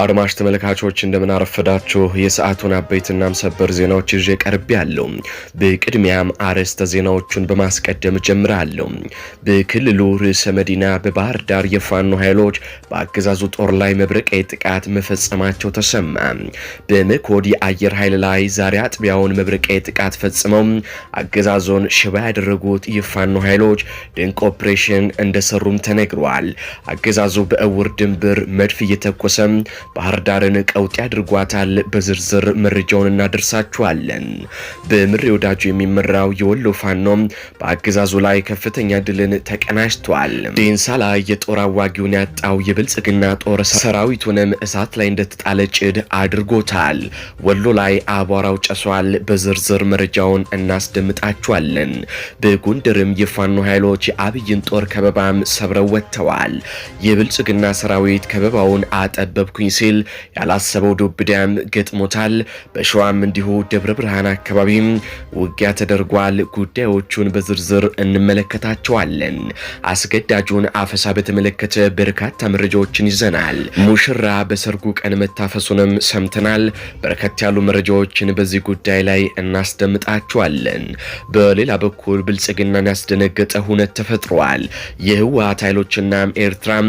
አድማሽ ተመልካቾች እንደምን አረፈዳችሁ። የሰዓቱን አበይትና ሰበር ዜናዎች ይዤ ቀርብ ያለው። በቅድሚያም አርዕስተ ዜናዎቹን በማስቀደም ጀምራለሁ። በክልሉ ርዕሰ መዲና በባህር ዳር የፋኖ ኃይሎች በአገዛዙ ጦር ላይ መብረቃዊ ጥቃት መፈጸማቸው ተሰማ። በመኮድ የአየር ኃይል ላይ ዛሬ አጥቢያውን መብረቃዊ ጥቃት ፈጽመው አገዛዞን ሽባ ያደረጉት የፋኖ ኃይሎች ድንቅ ኦፕሬሽን እንደሰሩም ተነግሯል። አገዛዙ በእውር ድንብር መድፍ እየተኮሰም ባህር ዳርን ቀውጢ አድርጓታል። በዝርዝር መረጃውን እናደርሳችኋለን። በምሬ ወዳጁ የሚመራው የወሎ ፋኖ በአገዛዙ ላይ ከፍተኛ ድልን ተቀናጅቷል። ዴንሳ ላይ የጦር አዋጊውን ያጣው የብልጽግና ጦር ሰራዊቱንም እሳት ላይ እንደተጣለ ጭድ አድርጎታል። ወሎ ላይ አቧራው ጨሷል። በዝርዝር መረጃውን እናስደምጣችኋለን። በጎንደርም የፋኖ ኃይሎች የአብይን ጦር ከበባም ሰብረው ወጥተዋል። የብልጽግና ሰራዊት ከበባውን አጠበብኩኝ ሲል ያላሰበው ዱብ እዳም ገጥሞታል። በሸዋም እንዲሁ ደብረ ብርሃን አካባቢም ውጊያ ተደርጓል። ጉዳዮቹን በዝርዝር እንመለከታቸዋለን። አስገዳጁን አፈሳ በተመለከተ በርካታ መረጃዎችን ይዘናል። ሙሽራ በሰርጉ ቀን መታፈሱንም ሰምተናል። በርከት ያሉ መረጃዎችን በዚህ ጉዳይ ላይ እናስደምጣቸዋለን። በሌላ በኩል ብልጽግናን ያስደነገጠ ሁነት ተፈጥሯል። የህወሀት ኃይሎችና ኤርትራም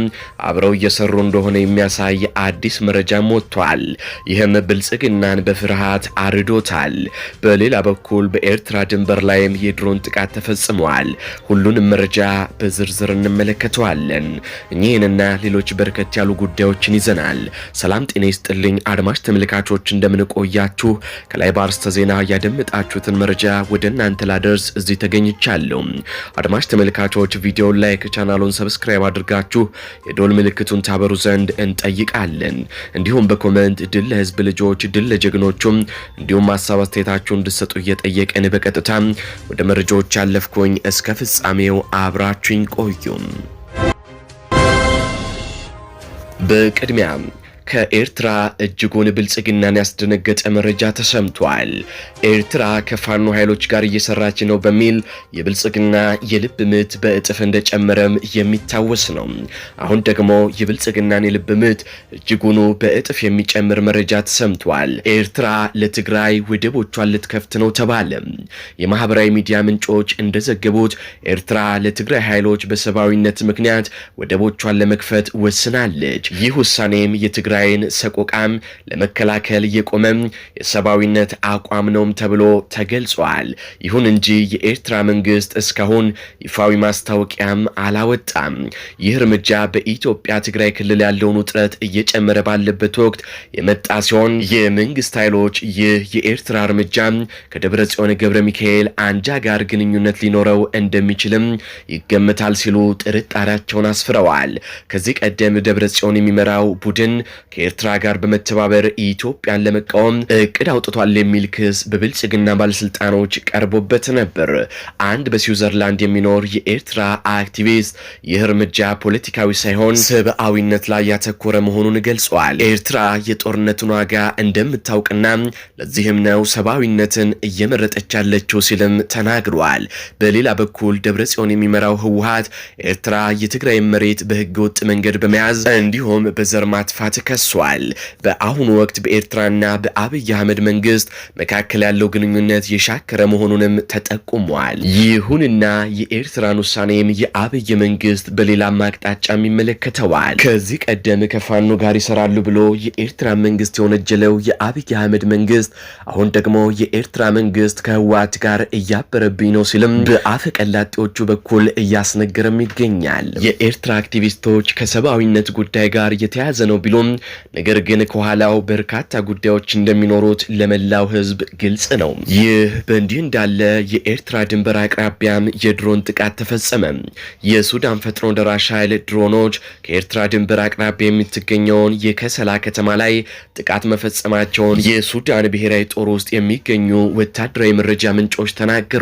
አብረው እየሰሩ እንደሆነ የሚያሳይ አዲስ መረጃም ወጥቷል። ይህም ብልጽግናን በፍርሃት አርዶታል። በሌላ በኩል በኤርትራ ድንበር ላይም የድሮን ጥቃት ተፈጽመዋል። ሁሉንም መረጃ በዝርዝር እንመለከተዋለን። እኚህንና ሌሎች በርከት ያሉ ጉዳዮችን ይዘናል። ሰላም ጤና ይስጥልኝ አድማጭ ተመልካቾች፣ እንደምንቆያችሁ ከላይ በአርስተ ዜና ያደመጣችሁትን መረጃ ወደ እናንተ ላደርስ እዚህ ተገኝቻለሁ። አድማጭ ተመልካቾች ቪዲዮን ላይክ፣ ቻናሉን ሰብስክራይብ አድርጋችሁ የዶል ምልክቱን ታበሩ ዘንድ እንጠይቃለን። እንዲሁም በኮመንት ድል ለህዝብ ልጆች፣ ድል ለጀግኖቹም እንዲሁም ሀሳብ አስተያየታችሁ እንድሰጡ እየጠየቀን በቀጥታ ወደ መረጃዎች ያለፍኩኝ እስከ ፍጻሜው አብራችኝ ቆዩም። በቅድሚያ ከኤርትራ እጅጉን ብልጽግናን ያስደነገጠ መረጃ ተሰምቷል። ኤርትራ ከፋኖ ኃይሎች ጋር እየሰራች ነው በሚል የብልጽግና የልብ ምት በእጥፍ እንደጨመረም የሚታወስ ነው። አሁን ደግሞ የብልጽግናን የልብ ምት እጅጉኑ በእጥፍ የሚጨምር መረጃ ተሰምቷል። ኤርትራ ለትግራይ ወደቦቿን ልትከፍት ነው ተባለ። የማህበራዊ ሚዲያ ምንጮች እንደዘገቡት ኤርትራ ለትግራይ ኃይሎች በሰብአዊነት ምክንያት ወደቦቿን ለመክፈት ወስናለች። ይህ ውሳኔም የትግራይ የትግራይን ሰቆቃም ለመከላከል የቆመም የሰብአዊነት አቋም ነውም ተብሎ ተገልጿል። ይሁን እንጂ የኤርትራ መንግስት እስካሁን ይፋዊ ማስታወቂያም አላወጣም። ይህ እርምጃ በኢትዮጵያ ትግራይ ክልል ያለውን ውጥረት እየጨመረ ባለበት ወቅት የመጣ ሲሆን የመንግስት ኃይሎች ይህ የኤርትራ እርምጃ ከደብረ ጽዮን ገብረ ሚካኤል አንጃ ጋር ግንኙነት ሊኖረው እንደሚችልም ይገመታል ሲሉ ጥርጣሬያቸውን አስፍረዋል። ከዚህ ቀደም ደብረ ጽዮን የሚመራው ቡድን ከኤርትራ ጋር በመተባበር ኢትዮጵያን ለመቃወም እቅድ አውጥቷል የሚል ክስ በብልጽግና ባለስልጣኖች ቀርቦበት ነበር። አንድ በስዊዘርላንድ የሚኖር የኤርትራ አክቲቪስት ይህ እርምጃ ፖለቲካዊ ሳይሆን ሰብአዊነት ላይ ያተኮረ መሆኑን ገልጿል። ኤርትራ የጦርነቱን ዋጋ እንደምታውቅና ለዚህም ነው ሰብአዊነትን እየመረጠች ያለችው ሲልም ተናግሯል። በሌላ በኩል ደብረ ጽዮን የሚመራው ህወሀት ኤርትራ የትግራይ መሬት በህገወጥ መንገድ በመያዝ እንዲሁም በዘር ማጥፋት ከ ተነሷል። በአሁኑ ወቅት በኤርትራና በአብይ አህመድ መንግስት መካከል ያለው ግንኙነት የሻከረ መሆኑንም ተጠቁሟል። ይሁንና የኤርትራን ውሳኔም የአብይ መንግስት በሌላም አቅጣጫም ይመለከተዋል። ከዚህ ቀደም ከፋኖ ጋር ይሰራሉ ብሎ የኤርትራ መንግስት የወነጀለው የአብይ አህመድ መንግስት አሁን ደግሞ የኤርትራ መንግስት ከህወሓት ጋር እያበረብኝ ነው ሲልም በአፈቀላጤዎቹ በኩል እያስነገረም ይገኛል። የኤርትራ አክቲቪስቶች ከሰብአዊነት ጉዳይ ጋር የተያዘ ነው ቢሉም ነገር ግን ከኋላው በርካታ ጉዳዮች እንደሚኖሩት ለመላው ህዝብ ግልጽ ነው። ይህ በእንዲህ እንዳለ የኤርትራ ድንበር አቅራቢያም የድሮን ጥቃት ተፈጸመ። የሱዳን ፈጥኖ ደራሽ ኃይል ድሮኖች ከኤርትራ ድንበር አቅራቢያ የምትገኘውን የከሰላ ከተማ ላይ ጥቃት መፈጸማቸውን የሱዳን ብሔራዊ ጦር ውስጥ የሚገኙ ወታደራዊ መረጃ ምንጮች ተናገሩ።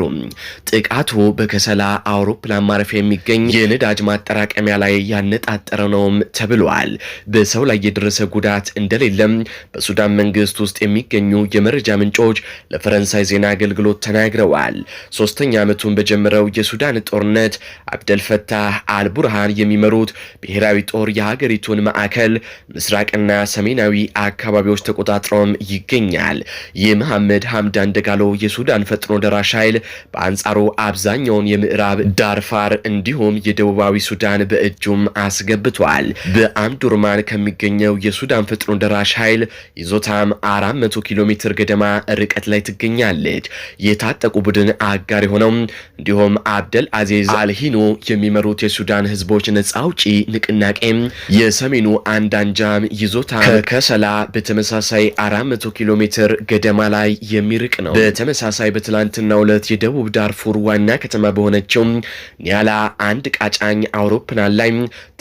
ጥቃቱ በከሰላ አውሮፕላን ማረፊያ የሚገኝ የነዳጅ ማጠራቀሚያ ላይ ያነጣጠረ ነውም ተብሏል። በሰው ላይ የደረሰ የደረሰ ጉዳት እንደሌለም በሱዳን መንግስት ውስጥ የሚገኙ የመረጃ ምንጮች ለፈረንሳይ ዜና አገልግሎት ተናግረዋል። ሶስተኛ ዓመቱን በጀመረው የሱዳን ጦርነት አብደልፈታህ አልቡርሃን የሚመሩት ብሔራዊ ጦር የሀገሪቱን ማዕከል ምስራቅና ሰሜናዊ አካባቢዎች ተቆጣጥሮም ይገኛል። ይህ መሐመድ ሐምዳን ደጋሎ የሱዳን ፈጥኖ ደራሽ ኃይል በአንጻሩ አብዛኛውን የምዕራብ ዳርፋር እንዲሁም የደቡባዊ ሱዳን በእጁም አስገብቷል። በአምዱርማን ከሚገኘው የሱዳን ፈጥኖ ደራሽ ኃይል ይዞታም 400 ኪሎ ሜትር ገደማ ርቀት ላይ ትገኛለች። የታጠቁ ቡድን አጋር የሆነው እንዲሁም አብደል አዚዝ አልሂኖ የሚመሩት የሱዳን ህዝቦች ነጻ አውጪ ንቅናቄ የሰሜኑ አንዳንጃም ይዞታ ከሰላ በተመሳሳይ 400 ኪሎ ሜትር ገደማ ላይ የሚርቅ ነው። በተመሳሳይ በትላንትናው ዕለት የደቡብ ዳርፉር ዋና ከተማ በሆነችው ኒያላ አንድ ቃጫኝ አውሮፕላን ላይ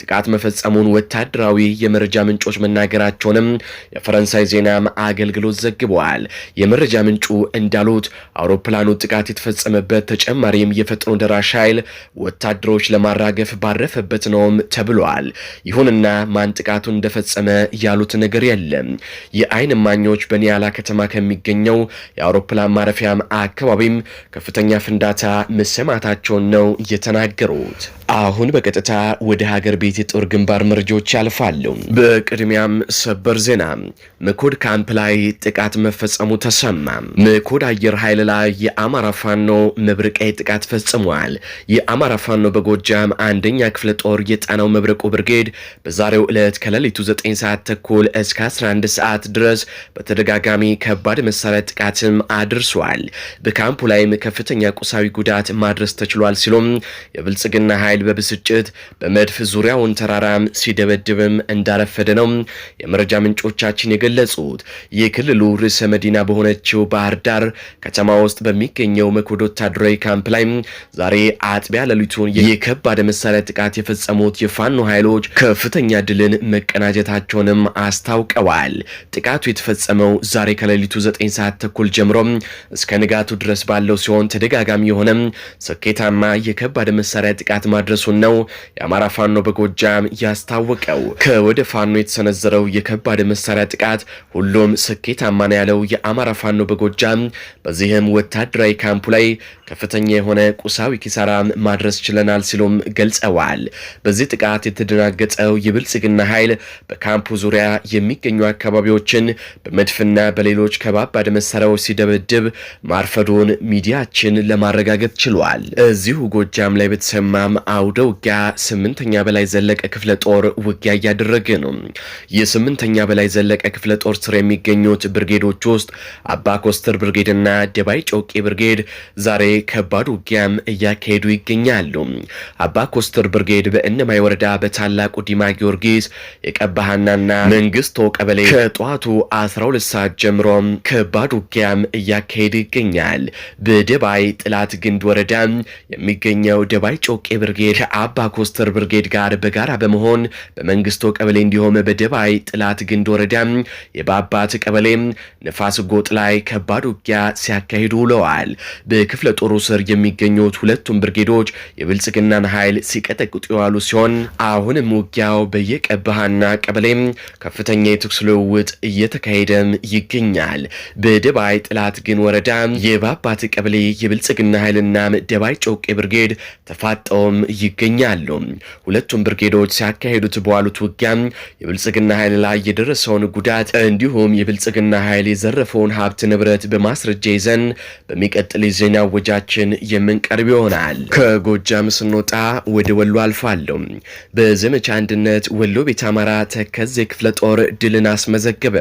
ጥቃት መፈጸሙን ወታደራዊ የመረጃ ምንጮች መና መናገራቸውንም የፈረንሳይ ዜና አገልግሎት ዘግበዋል። የመረጃ ምንጩ እንዳሉት አውሮፕላኑ ጥቃት የተፈጸመበት ተጨማሪም የፈጥኖ ደራሽ ኃይል ወታደሮች ለማራገፍ ባረፈበት ነውም ተብሏል። ይሁንና ማን ጥቃቱን እንደፈጸመ ያሉት ነገር የለም። የአይን እማኞች በኒያላ ከተማ ከሚገኘው የአውሮፕላን ማረፊያም አካባቢም ከፍተኛ ፍንዳታ መሰማታቸውን ነው የተናገሩት። አሁን በቀጥታ ወደ ሀገር ቤት የጦር ግንባር መረጃዎች ያልፋሉ። በቅድሚያ በመጨረሻም ሰበር ዜና ምኩድ ካምፕ ላይ ጥቃት መፈጸሙ ተሰማ። ምኩድ አየር ኃይል ላይ የአማራ ፋኖ መብርቃዊ ጥቃት ፈጽሟል። የአማራ ፋኖ በጎጃም አንደኛ ክፍለ ጦር የጣናው መብረቁ ብርጌድ በዛሬው ዕለት ከሌሊቱ 9 ሰዓት ተኩል እስከ 11 ሰዓት ድረስ በተደጋጋሚ ከባድ መሳሪያ ጥቃትም አድርሷል። በካምፑ ላይም ከፍተኛ ቁሳዊ ጉዳት ማድረስ ተችሏል ሲሉም የብልጽግና ኃይል በብስጭት በመድፍ ዙሪያውን ተራራም ሲደበድብም እንዳረፈደ ነው የመረጃ ምንጮቻችን የገለጹት የክልሉ ርዕሰ መዲና በሆነችው ባህር ዳር ከተማ ውስጥ በሚገኘው መኮድ ወታደራዊ ካምፕ ላይ ዛሬ አጥቢያ ሌሊቱን የከባድ መሳሪያ ጥቃት የፈጸሙት የፋኖ ኃይሎች ከፍተኛ ድልን መቀናጀታቸውንም አስታውቀዋል። ጥቃቱ የተፈጸመው ዛሬ ከሌሊቱ 9 ሰዓት ተኩል ጀምሮ እስከ ንጋቱ ድረስ ባለው ሲሆን ተደጋጋሚ የሆነ ስኬታማ የከባድ መሳሪያ ጥቃት ማድረሱን ነው የአማራ ፋኖ በጎጃም ያስታወቀው። ከወደ ፋኖ የተሰነዘ በሰነዘረው የከባድ መሳሪያ ጥቃት ሁሉም ስኬታማ ነው ያለው የአማራ ፋኖ በጎጃም በዚህም ወታደራዊ ካምፑ ላይ ከፍተኛ የሆነ ቁሳዊ ኪሳራ ማድረስ ችለናል ሲሉም ገልጸዋል። በዚህ ጥቃት የተደናገጠው የብልጽግና ኃይል በካምፑ ዙሪያ የሚገኙ አካባቢዎችን በመድፍና በሌሎች ከባባድ መሳሪያዎች ሲደበድብ ማርፈዶን ሚዲያችን ለማረጋገጥ ችሏል። እዚሁ ጎጃም ላይ በተሰማም አውደ ውጊያ ስምንተኛ በላይ ዘለቀ ክፍለ ጦር ውጊያ እያደረገ ነው። የስምንተኛ በላይ ዘለቀ ክፍለ ጦር ስር የሚገኙት ብርጌዶች ውስጥ አባ ኮስተር ብርጌድና ደባይ ጮቄ ብርጌድ ዛሬ ከባድ ውጊያም እያካሄዱ ይገኛሉ። አባ ኮስተር ብርጌድ በእነማይ ወረዳ በታላቁ ዲማ ጊዮርጊስ የቀባሃናና መንግስቶ ቀበሌ ከጠዋቱ 12 ሰዓት ጀምሮም ከባድ ውጊያም እያካሄድ ይገኛል። በደባይ ጥላት ግንድ ወረዳ የሚገኘው ደባይ ጮቄ ብርጌድ ከአባ ኮስተር ብርጌድ ጋር በጋራ በመሆን በመንግስቶ ቀበሌ እንዲሁም በደባ በማይ ጥላት ግንድ ወረዳ የባባት ቀበሌ ንፋስ ጎጥ ላይ ከባድ ውጊያ ሲያካሂዱ ውለዋል። በክፍለ ጦሩ ስር የሚገኙት ሁለቱም ብርጌዶች የብልጽግናን ኃይል ሲቀጠቅጡ የዋሉ ሲሆን አሁንም ውጊያው በየቀባሃና ቀበሌ ከፍተኛ የተኩስ ልውውጥ እየተካሄደም ይገኛል። በደባይ ጥላት ግን ወረዳ የባባት ቀበሌ የብልጽግና ኃይልና ደባይ ጮቄ ብርጌድ ተፋጠውም ይገኛሉ። ሁለቱም ብርጌዶች ሲያካሂዱት በዋሉት ውጊያ የብልጽግና የብልጽግና ኃይል ላይ የደረሰውን ጉዳት እንዲሁም የብልጽግና ኃይል የዘረፈውን ሀብት ንብረት በማስረጃ ይዘን በሚቀጥል የዜና ወጃችን የምንቀርብ ይሆናል። ከጎጃም ስንወጣ ወደ ወሎ አልፋለሁ። በዘመቻ አንድነት ወሎ ቤት አማራ ተከዜ ክፍለ ጦር ድልን አስመዘገበ።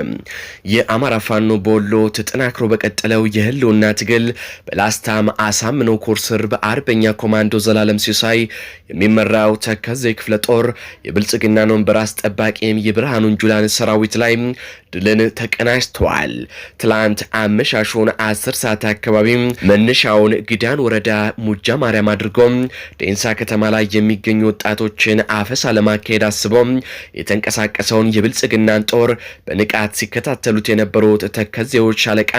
የአማራ ፋኖ በወሎ ተጠናክሮ በቀጠለው የህልውና ትግል በላስታም አሳምኖ ኮርስር በአርበኛ ኮማንዶ ዘላለም ሲሳይ የሚመራው ተከዜ ክፍለ ጦር የብልጽግናን ወንበር አስጠባቂም የብርሃ የካኑንጁላን ሰራዊት ላይ ድልን ተቀናጅተዋል። ትላንት አመሻሹን አስር ሰዓት አካባቢ መነሻውን ግዳን ወረዳ ሙጃ ማርያም አድርጎ ዴንሳ ከተማ ላይ የሚገኙ ወጣቶችን አፈሳ ለማካሄድ አስቦ የተንቀሳቀሰውን የብልጽግናን ጦር በንቃት ሲከታተሉት የነበሩት ተከዜዎች ሻለቃ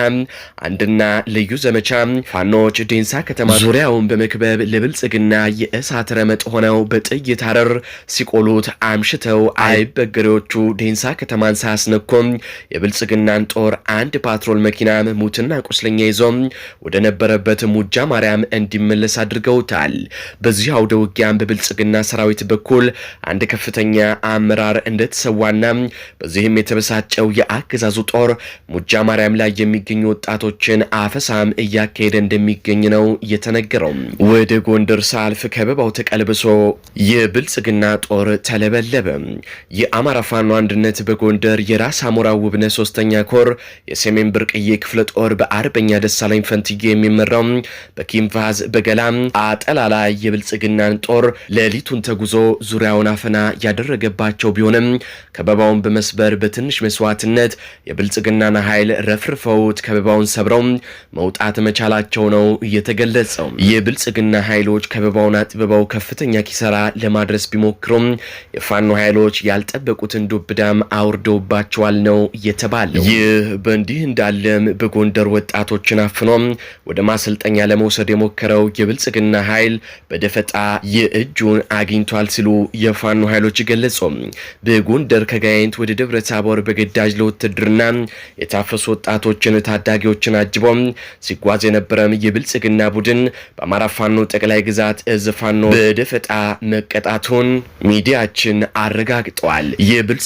አንድና ልዩ ዘመቻ ፋኖች ዴንሳ ከተማ ዙሪያውን በመክበብ ለብልጽግና የእሳት ረመጥ ሆነው በጥይት አረር ሲቆሉት አምሽተው አይበገሬዎቹ ዴንሳ ከተማን ሳያስነኮም የብልጽግናን ጦር አንድ ፓትሮል መኪና ሙትና ቁስለኛ ይዞ ወደ ነበረበት ሙጃ ማርያም እንዲመለስ አድርገውታል። በዚህ አውደ ውጊያም በብልጽግና ሰራዊት በኩል አንድ ከፍተኛ አመራር እንደተሰዋና በዚህም የተበሳጨው የአገዛዙ ጦር ሙጃ ማርያም ላይ የሚገኙ ወጣቶችን አፈሳም እያካሄደ እንደሚገኝ ነው የተነገረው። ወደ ጎንደር ሳልፍ ከበባው ተቀልብሶ የብልጽግና ጦር ተለበለበ። የአማራ ፋኖ ፋኖ አንድነት በጎንደር የራስ አሞራ ውብነ ሶስተኛ ኮር የሰሜን ብርቅዬ ክፍለ ጦር በአርበኛ ደሳለኝ ፈንትዬ የሚመራው በኪንቫዝ በገላም አጠላላ የብልጽግናን ጦር ሌሊቱን ተጉዞ ዙሪያውን አፈና ያደረገባቸው ቢሆንም ከበባውን በመስበር በትንሽ መስዋዕትነት የብልጽግናን ኃይል ረፍርፈውት ከበባውን ሰብረው መውጣት መቻላቸው ነው የተገለጸው። የብልጽግና ኃይሎች ከበባውን አጥብበው ከፍተኛ ኪሰራ ለማድረስ ቢሞክሩም የፋኖ ኃይሎች ያልጠበቁትን ዱብዳም አውርዶባቸዋል ነው የተባለው። ይህ በእንዲህ እንዳለም በጎንደር ወጣቶችን አፍኖም ወደ ማሰልጠኛ ለመውሰድ የሞከረው የብልጽግና ኃይል በደፈጣ የእጁን አግኝቷል ሲሉ የፋኖ ኃይሎች ገለጹ። በጎንደር ከጋይንት ወደ ደብረ ታቦር በግዳጅ ለውትድርና የታፈሱ ወጣቶችን ታዳጊዎችን አጅቦ ሲጓዝ የነበረም የብልጽግና ቡድን በአማራ ፋኖ ጠቅላይ ግዛት እዝ ፋኖ በደፈጣ መቀጣቱን ሚዲያችን አረጋግጧል።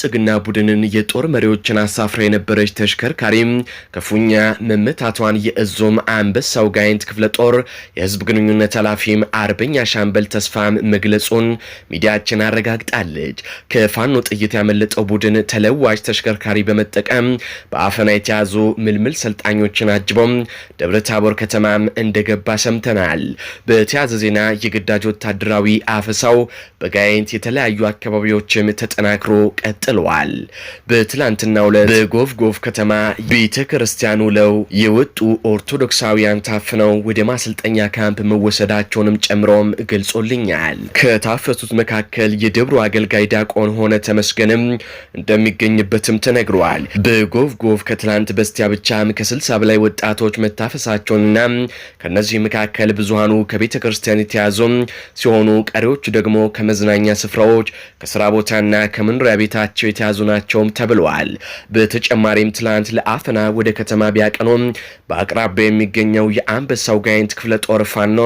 የብልጽግና ቡድንን የጦር መሪዎችን አሳፍራ የነበረች ተሽከርካሪም ክፉኛ መመታቷን የእዞም አንበሳው ጋይንት ክፍለ ጦር የህዝብ ግንኙነት ኃላፊም አርበኛ ሻምበል ተስፋም መግለጹን ሚዲያችን አረጋግጣለች። ከፋኖ ጥይት ያመለጠው ቡድን ተለዋጭ ተሽከርካሪ በመጠቀም በአፈና የተያዙ ምልምል ሰልጣኞችን አጅቦም ደብረ ታቦር ከተማም እንደገባ ሰምተናል። በተያዘ ዜና የግዳጅ ወታደራዊ አፈሳው በጋይንት የተለያዩ አካባቢዎችም ተጠናክሮ ቀጥሏል። ቀጥለዋል። በትላንትናው ዕለት በጎፍጎፍ ከተማ ቤተ ክርስቲያን ውለው የወጡ ኦርቶዶክሳውያን ታፍነው ወደ ማሰልጠኛ ካምፕ መወሰዳቸውንም ጨምሮም ገልጾልኛል። ከታፈቱት መካከል የደብሩ አገልጋይ ዲያቆን ሆነ ተመስገንም እንደሚገኝበትም ተነግሯል። በጎፍጎፍ ከትላንት በስቲያ ብቻም ከስልሳ በላይ ወጣቶች መታፈሳቸውንና ከእነዚህ መካከል ብዙሃኑ ከቤተ ክርስቲያን የተያዙ ሲሆኑ ቀሪዎቹ ደግሞ ከመዝናኛ ስፍራዎች፣ ከስራ ቦታና ከመኖሪያ ቤታቸው በእጃቸው የተያዙ ናቸውም ተብለዋል። በተጨማሪም ትላንት ለአፈና ወደ ከተማ ቢያቀኑም በአቅራቢያ የሚገኘው የአንበሳው ጋይንት ክፍለ ጦር ፋኖ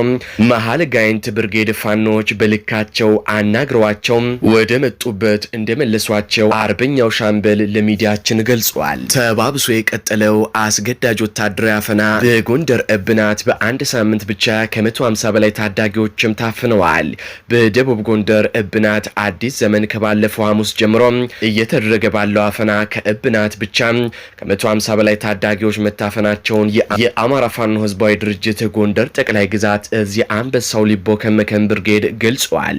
መሀል ጋይንት ብርጌድ ፋኖዎች በልካቸው አናግረዋቸው ወደ መጡበት እንደመለሷቸው አርበኛው ሻምበል ለሚዲያችን ገልጿል። ተባብሶ የቀጠለው አስገዳጅ ወታደራዊ አፈና በጎንደር እብናት በአንድ ሳምንት ብቻ ከ150 በላይ ታዳጊዎችም ታፍነዋል። በደቡብ ጎንደር እብናት አዲስ ዘመን ከባለፈው ሐሙስ ጀምሮ እየተደረገ ባለው አፈና ከእብናት ብቻ ከ150 በላይ ታዳጊዎች መታፈናቸውን የአማራ ፋኖ ህዝባዊ ድርጅት ጎንደር ጠቅላይ ግዛት እዚህ አንበሳው ሊቦ ከመከም ብርጌድ ገልጿል።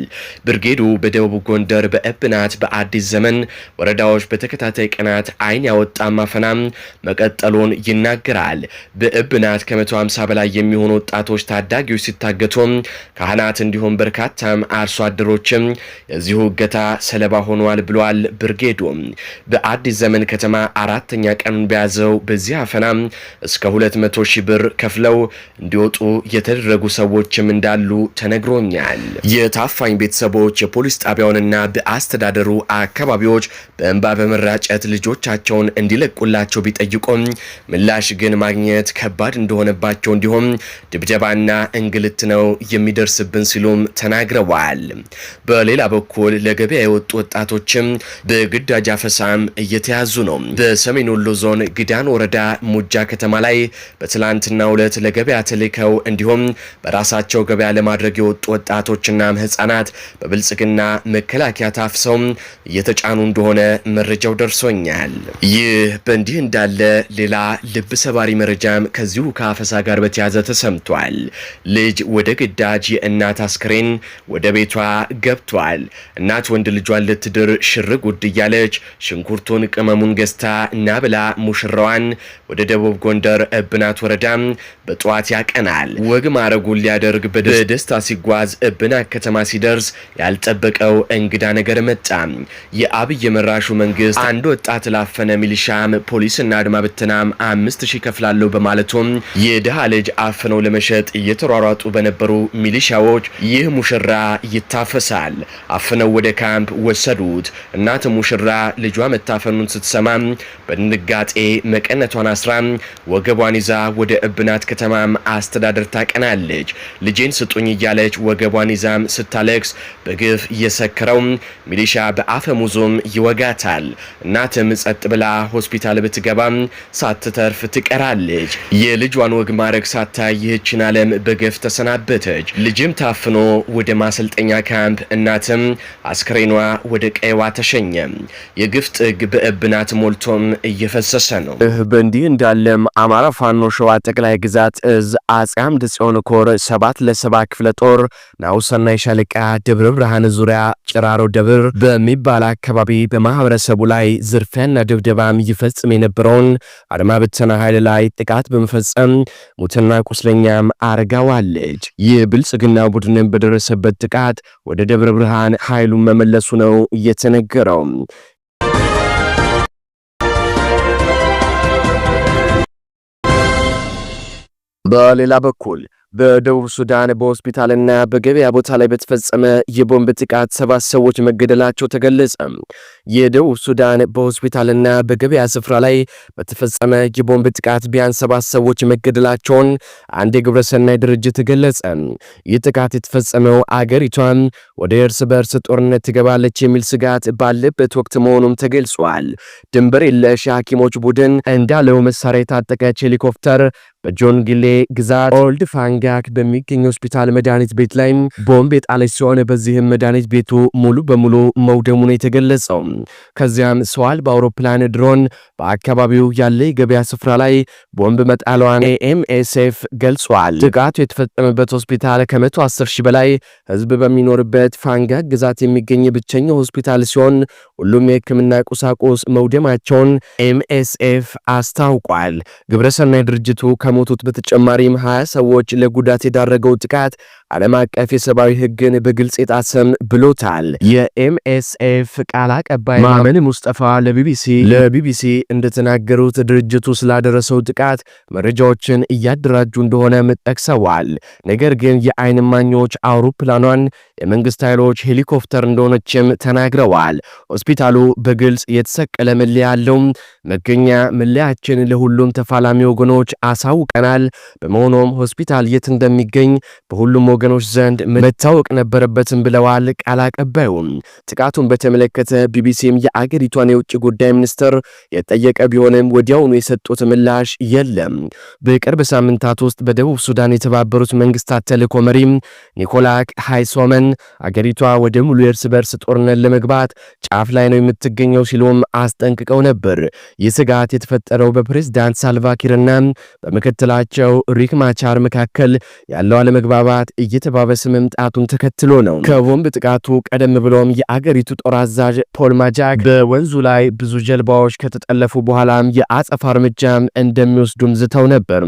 ብርጌዱ በደቡብ ጎንደር በእብናት በአዲስ ዘመን ወረዳዎች በተከታታይ ቀናት አይን ያወጣ ማፈና መቀጠሉን ይናገራል። በእብናት ከመቶ 150 በላይ የሚሆኑ ወጣቶች ታዳጊዎች ሲታገቱ፣ ካህናት እንዲሁም በርካታም አርሶ አደሮችም የዚሁ እገታ ሰለባ ሆኗል ብሏል። ብርጌዱ በአዲስ ዘመን ከተማ አራተኛ ቀን በያዘው በዚህ አፈና እስከ 200 ሺህ ብር ከፍለው እንዲወጡ የተደረጉ ሰዎችም እንዳሉ ተነግሮኛል። የታፋኝ ቤተሰቦች የፖሊስ ጣቢያውንና በአስተዳደሩ አካባቢዎች በእንባ በመራጨት ልጆቻቸውን እንዲለቁላቸው ቢጠይቁም ምላሽ ግን ማግኘት ከባድ እንደሆነባቸው እንዲሁም ድብደባና እንግልት ነው የሚደርስብን ሲሉም ተናግረዋል። በሌላ በኩል ለገበያ የወጡ ወጣቶችም በግዳጅ አፈሳም እየተያዙ ነው። በሰሜን ወሎ ዞን ግዳን ወረዳ ሙጃ ከተማ ላይ በትላንትናው ዕለት ለገበያ ተልከው እንዲሁም በራሳቸው ገበያ ለማድረግ የወጡ ወጣቶችና ህጻናት በብልጽግና መከላከያ ታፍሰው እየተጫኑ እንደሆነ መረጃው ደርሶኛል። ይህ በእንዲህ እንዳለ ሌላ ልብ ሰባሪ መረጃም ከዚሁ ከአፈሳ ጋር በተያዘ ተሰምቷል። ልጅ ወደ ግዳጅ የእናት አስክሬን ወደ ቤቷ ገብቷል። እናት ወንድ ልጇን ልትድር ሽር ጉድ እያለች ሽንኩርቱን ቅመሙን ገዝታ እና ብላ ሙሽራዋን ወደ ደቡብ ጎንደር እብናት ወረዳም በጠዋት ያቀናል። ወግ ማረጉን ሊያደርግ በደስታ ሲጓዝ እብናት ከተማ ሲደርስ ያልጠበቀው እንግዳ ነገር መጣ። የአብይ መራሹ መንግስት አንድ ወጣት ላፈነ ሚሊሻም ፖሊስና አድማ ብተናም አምስት ሺህ ከፍላለሁ በማለቱም የድሃ ልጅ አፍነው ለመሸጥ እየተሯሯጡ በነበሩ ሚሊሻዎች ይህ ሙሽራ ይታፈሳል። አፍነው ወደ ካምፕ ወሰዱት። እናትም ሙሽራ ልጇ መታፈኑን ስትሰማ በድንጋጤ መቀነቷን አስራ ወገቧን ይዛ ወደ እብናት ከተማም አስተዳደር ታቀናለች። ልጄን ስጡኝ እያለች ወገቧን ይዛም ስታለቅስ በግፍ እየሰከረው ሚሊሻ በአፈሙዞም ይወጋታል። እናትም ጸጥ ብላ ሆስፒታል ብትገባም ሳትተርፍ ትቀራለች። የልጇን ወግ ማድረግ ሳታይ ይህችን ዓለም በገፍ ተሰናበተች። ልጅም ታፍኖ ወደ ማሰልጠኛ ካምፕ፣ እናትም አስክሬኗ ወደ ቀይዋ ተሸኘ። የግፍ ጥግ በእብናት ሞልቶም እየፈሰሰ ነው። ይህ በእንዲህ እንዳለም አማራ ፋኖ ሸዋ ጠቅላይ ግዛት እዝ አጼ አምደ ጽዮን ኮር ሰባት ለሰባ ክፍለ ጦር ናውሰናይ ሻለቃ ደብረ ብርሃን ዙሪያ ጭራሮ ደብር በሚባል አካባቢ በማህበረሰቡ ላይ ዝርፊያና ድብደባም ይፈጽም የነበረውን አድማ ብተና ኃይል ላይ ጥቃት በመፈጸም ሙትና ቁስለኛም አርጋዋለች። ይህ ብልጽግና ቡድንም በደረሰበት ጥቃት ወደ ደብረ ብርሃን ኃይሉን መመለሱ ነው እየተነገረው። በሌላ በኩል በደቡብ ሱዳን በሆስፒታልና በገበያ ቦታ ላይ በተፈጸመ የቦምብ ጥቃት ሰባት ሰዎች መገደላቸው ተገለጸ። የደቡብ ሱዳን በሆስፒታልና በገበያ ስፍራ ላይ በተፈጸመ የቦምብ ጥቃት ቢያንስ ሰባት ሰዎች መገደላቸውን አንድ የግብረሰናይ ድርጅት ገለጸ። ይህ ጥቃት የተፈጸመው አገሪቷን ወደ እርስ በእርስ ጦርነት ትገባለች የሚል ስጋት ባለበት ወቅት መሆኑም ተገልጿል። ድንበር የለሽ ሐኪሞች ቡድን እንዳለው መሳሪያ የታጠቀች ሄሊኮፕተር በጆንግሌ ግዛት ኦልድ ፋንጋክ በሚገኝ ሆስፒታል መድኃኒት ቤት ላይ ቦምብ የጣለች ሲሆን በዚህም መድኃኒት ቤቱ ሙሉ በሙሉ መውደሙ ነው የተገለጸው። ከዚያም ሰዋል በአውሮፕላን ድሮን በአካባቢው ያለ የገበያ ስፍራ ላይ ቦምብ መጣሏን ኤምኤስኤፍ ገልጿል። ጥቃቱ የተፈጸመበት ሆስፒታል ከ110 ሺህ በላይ ህዝብ በሚኖርበት ፋንጋክ ግዛት የሚገኝ ብቸኛው ሆስፒታል ሲሆን ሁሉም የህክምና ቁሳቁስ መውደማቸውን ኤምኤስኤፍ አስታውቋል። ግብረሰናይ ድርጅቱ ከሞቱት በተጨማሪም 20 ሰዎች ለጉዳት የዳረገው ጥቃት ዓለም አቀፍ የሰብአዊ ህግን በግልጽ የጣሰም ብሎታል። የኤምኤስኤፍ ቃል አቀባይ ማመን ሙስጠፋ ለቢቢሲ ለቢቢሲ እንደተናገሩት ድርጅቱ ስላደረሰው ጥቃት መረጃዎችን እያደራጁ እንደሆነም ጠቅሰዋል። ነገር ግን የአይን ማኞች አውሮፕላኗን የመንግስት ኃይሎች ሄሊኮፕተር እንደሆነችም ተናግረዋል። ሆስፒታሉ በግልጽ የተሰቀለ መለያ ያለው መገኛ መለያችን ለሁሉም ተፋላሚ ወገኖች አሳውቀናል። በመሆኑም ሆስፒታል የት እንደሚገኝ በሁሉም ወገኖች ዘንድ መታወቅ ነበረበትም ብለዋል ቃል አቀባዩም። ጥቃቱን በተመለከተ ቢቢሲም የአገሪቷን የውጭ ጉዳይ ሚኒስትር የጠየቀ ቢሆንም ወዲያውኑ የሰጡት ምላሽ የለም። በቅርብ ሳምንታት ውስጥ በደቡብ ሱዳን የተባበሩት መንግስታት ተልእኮ መሪም ኒኮላክ ሃይሶመን አገሪቷ ወደ ሙሉ የእርስ በርስ ጦርነት ለመግባት ጫፍ ላይ ነው የምትገኘው ሲሉም አስጠንቅቀው ነበር። ይህ ስጋት የተፈጠረው በፕሬዝዳንት ሳልቫኪርና በምክትላቸው ሪክ ማቻር መካከል ያለው አለመግባባት እየተባበሰ መምጣቱን ተከትሎ ነው። ከቦምብ ጥቃቱ ቀደም ብሎም የአገሪቱ ጦር አዛዥ ፖል ማጃክ በወንዙ ላይ ብዙ ጀልባዎች ከተጠለፉ በኋላም የአጸፋ እርምጃም እንደሚወስዱም ዝተው ነበር።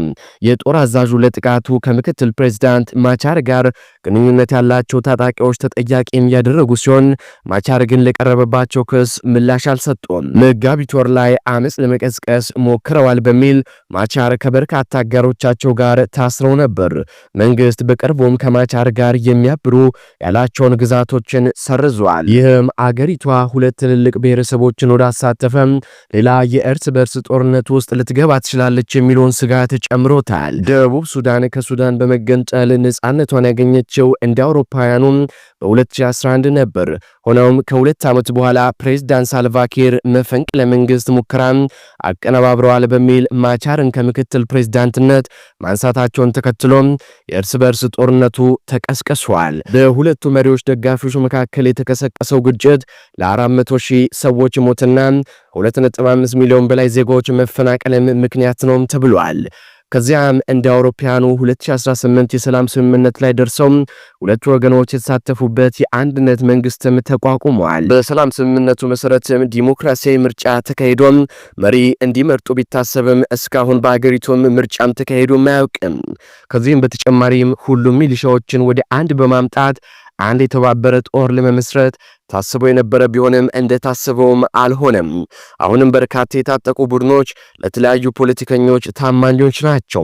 የጦር አዛዡ ለጥቃቱ ከምክትል ፕሬዚዳንት ማቻር ጋር ግንኙነት ያላቸው ታጣቂዎች ተጠያቂም ያደረጉ ሲሆን ማቻር ግን ለቀረበባቸው ክስ ምላሽ አልሰጡም። መጋቢት ወር ላይ አመፅ ለመቀስቀስ ሞክረዋል በሚል ማቻር ከበርካታ አጋሮቻቸው ጋር ታስረው ነበር። መንግስት በቅርቡም ከማቻር ጋር የሚያብሩ ያላቸውን ግዛቶችን ሰርዟል። ይህም አገሪቷ ሁለት ትልልቅ ብሔረሰቦችን ወዳሳተፈ ሌላ የእርስ በርስ ጦርነት ውስጥ ልትገባ ትችላለች የሚለውን ስጋት ጨምሮታል። ደቡብ ሱዳን ከሱዳን በመገንጠል ነፃነቷን ያገኘችው እንደ አውሮፓውያኑ በ2011 ነበር። ሆኖም ከሁለት ዓመት በኋላ ፕሬዝዳንት ሳልቫኪር መፈንቅለ መንግሥት ሙከራ አቀነባብረዋል በሚል ማቻርን ከምክትል ፕሬዝዳንትነት ማንሳታቸውን ተከትሎም የእርስ በእርስ ጦርነቱ ተቀስቅሷል። በሁለቱ መሪዎች ደጋፊዎች መካከል የተቀሰቀሰው ግጭት ለ400 ሺህ ሰዎች ሞትና 2.5 ሚሊዮን በላይ ዜጋዎች መፈናቀልም ምክንያት ነውም ተብሏል። ከዚያም እንደ አውሮፓያኑ 2018 የሰላም ስምምነት ላይ ደርሰው ሁለቱ ወገኖች የተሳተፉበት የአንድነት መንግስትም ተቋቁመዋል። በሰላም ስምምነቱ መሰረትም ዲሞክራሲያዊ ምርጫ ተካሂዶም መሪ እንዲመርጡ ቢታሰብም እስካሁን በአገሪቱም ምርጫም ተካሂዶም አያውቅም። ከዚህም በተጨማሪም ሁሉም ሚሊሻዎችን ወደ አንድ በማምጣት አንድ የተባበረ ጦር ለመመስረት ታስቦ የነበረ ቢሆንም እንደታሰበውም አልሆነም። አሁንም በርካታ የታጠቁ ቡድኖች ለተለያዩ ፖለቲከኞች ታማኞች ናቸው።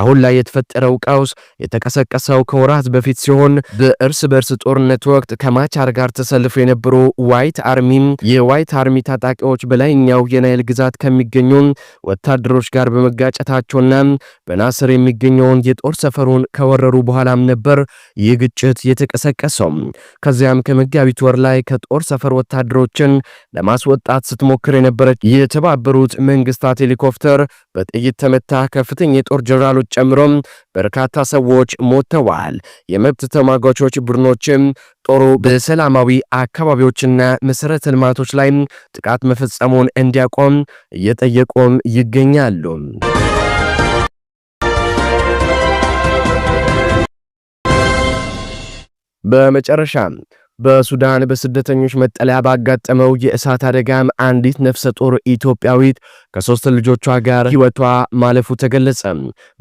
አሁን ላይ የተፈጠረው ቀውስ የተቀሰቀሰው ከወራት በፊት ሲሆን በእርስ በእርስ ጦርነት ወቅት ከማቻር ጋር ተሰልፎ የነበሩ ዋይት አርሚም የዋይት አርሚ ታጣቂዎች በላይኛው የናይል ግዛት ከሚገኙ ወታደሮች ጋር በመጋጨታቸውና በናስር የሚገኘውን የጦር ሰፈሩን ከወረሩ በኋላም ነበር ይህ ግጭት የተቀሰቀሰው። ከዚያም ከመጋቢት ወር ላይ ከጦር ሰፈር ወታደሮችን ለማስወጣት ስትሞክር የነበረች የተባበሩት መንግስታት ሄሊኮፕተር በጥይት ተመታ። ከፍተኛ የጦር ጀነራሎች ጨምሮም በርካታ ሰዎች ሞተዋል። የመብት ተሟጋቾች ቡድኖችም ጦሩ በሰላማዊ አካባቢዎችና መሰረተ ልማቶች ላይ ጥቃት መፈጸሙን እንዲያቆም እየጠየቁም ይገኛሉ። በመጨረሻ በሱዳን በስደተኞች መጠለያ ባጋጠመው የእሳት አደጋም አንዲት ነፍሰ ጡር ኢትዮጵያዊት ከሶስት ልጆቿ ጋር ሕይወቷ ማለፉ ተገለጸ።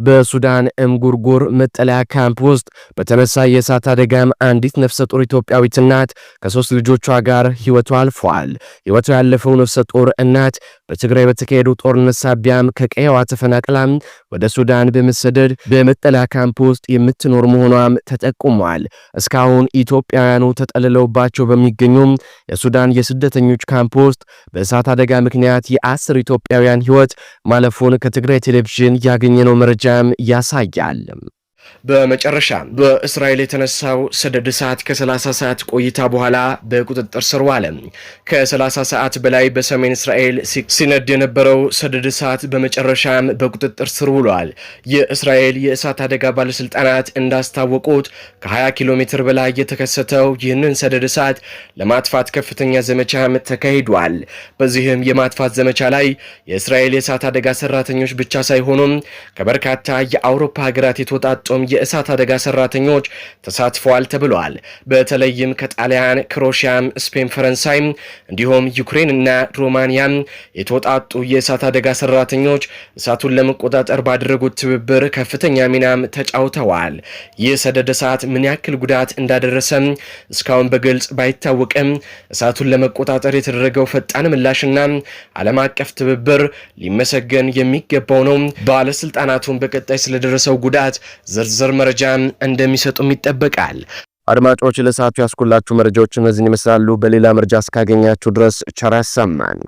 በሱዳን እምጉርጉር መጠለያ ካምፕ ውስጥ በተነሳ የእሳት አደጋም አንዲት ነፍሰ ጡር ኢትዮጵያዊት እናት ከሶስት ልጆቿ ጋር ሕይወቷ አልፏል። ሕይወቷ ያለፈው ነፍሰ ጡር እናት በትግራይ በተካሄዱ ጦርነት ሳቢያም ከቀየዋ ተፈናቅላም ወደ ሱዳን በመሰደድ በመጠለያ ካምፕ ውስጥ የምትኖር መሆኗም ተጠቁሟል። እስካሁን ኢትዮጵያውያኑ ተጠ ተጠልለውባቸው በሚገኙም የሱዳን የስደተኞች ካምፕ ውስጥ በእሳት አደጋ ምክንያት የአስር ኢትዮጵያውያን ሕይወት ማለፉን ከትግራይ ቴሌቪዥን ያገኘነው መረጃም ያሳያል። በመጨረሻ በእስራኤል የተነሳው ሰደድ እሳት ከ30 ሰዓት ቆይታ በኋላ በቁጥጥር ስር ዋለ። ከ30 ሰዓት በላይ በሰሜን እስራኤል ሲነድ የነበረው ሰደድ እሳት በመጨረሻም በቁጥጥር ስር ውሏል። የእስራኤል የእሳት አደጋ ባለስልጣናት እንዳስታወቁት ከ20 ኪሎ ሜትር በላይ የተከሰተው ይህንን ሰደድ እሳት ለማጥፋት ከፍተኛ ዘመቻም ተካሂዷል። በዚህም የማጥፋት ዘመቻ ላይ የእስራኤል የእሳት አደጋ ሰራተኞች ብቻ ሳይሆኑም ከበርካታ የአውሮፓ ሀገራት የተወጣጡ በመፍጸም የእሳት አደጋ ሰራተኞች ተሳትፈዋል ተብሏል። በተለይም ከጣሊያን፣ ክሮሺያም፣ ስፔን፣ ፈረንሳይ እንዲሁም ዩክሬን እና ሮማንያም የተወጣጡ የእሳት አደጋ ሰራተኞች እሳቱን ለመቆጣጠር ባደረጉት ትብብር ከፍተኛ ሚናም ተጫውተዋል። ይህ ሰደድ እሳት ምን ያክል ጉዳት እንዳደረሰም እስካሁን በግልጽ ባይታወቅም እሳቱን ለመቆጣጠር የተደረገው ፈጣን ምላሽና ዓለም አቀፍ ትብብር ሊመሰገን የሚገባው ነው። ባለስልጣናቱን በቀጣይ ስለደረሰው ጉዳት ዝርዝር መረጃን እንደሚሰጡም ይጠበቃል። አድማጮች ለሰዓቱ ያስኩላችሁ መረጃዎች እነዚህን ይመስላሉ። በሌላ መረጃ እስካገኛችሁ ድረስ ቸር ያሰማን።